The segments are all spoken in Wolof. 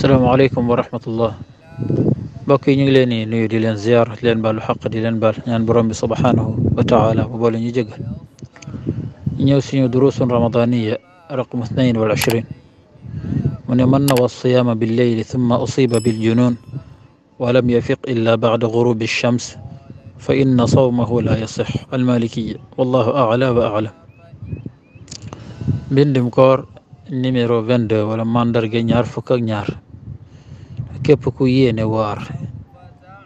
السلام عليكم ورحمة الله باكي نجلني نيو دي لين زيارة لين بال دي لين بال نان برمي سبحانه وتعالى وبول نجيجا نيو سنيو دروس رمضانية رقم 22 من يمن والصيام بالليل ثم أصيب بالجنون ولم يفق إلا بعد غروب الشمس فإن صومه لا يصح المالكية والله أعلى وأعلم بندمكور نيميرو 22 ولا ماندر جنيار فكك نيار képp ku yéene woor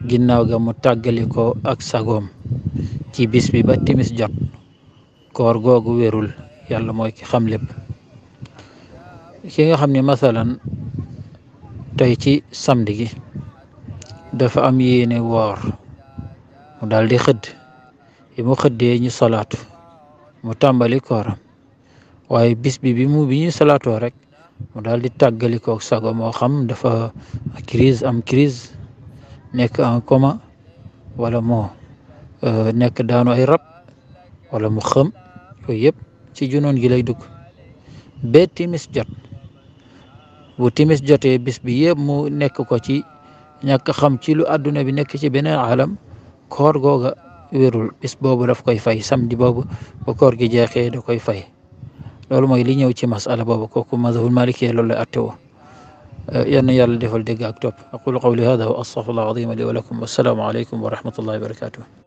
ginnaaw ga mu tàggali ko ak sagoom ci bis bi ba timis jot koor googu wérul yàlla mooy ki xam lépp ki nga xam ne masalan tey ci samedi gi dafa am yéene woor mu daal di xëdd yi mu xëddee ñu salaatu mu tàmbali kooram waaye bis bi mu bi ñu salaatoo rek mu daal di tàggalikook sago moo xam dafa crise am crise nekk en koma wala moo euh, nekk daanu ay rab wala mu xëm yooyu yëpp ci junoon gi lay dugg ba timis jot bu timis jotee bis bi yëpp mu nekk ko ci ñàkk xam ci lu àdduna bi nekk ci beneen alam koor googa wérul bis boobu daf koy fay samedi boobu ba koor gi jeexee da koy fay loolu moy li ñëw ci masala bobu koku mazhabul maliki loolu lay atte woo yan yàlla defal dégg ak top aqulu qawli hadha wa astaghfirullah azim li wa lakum wassalaamu alaykum wa rahmatullahi wa barakatuh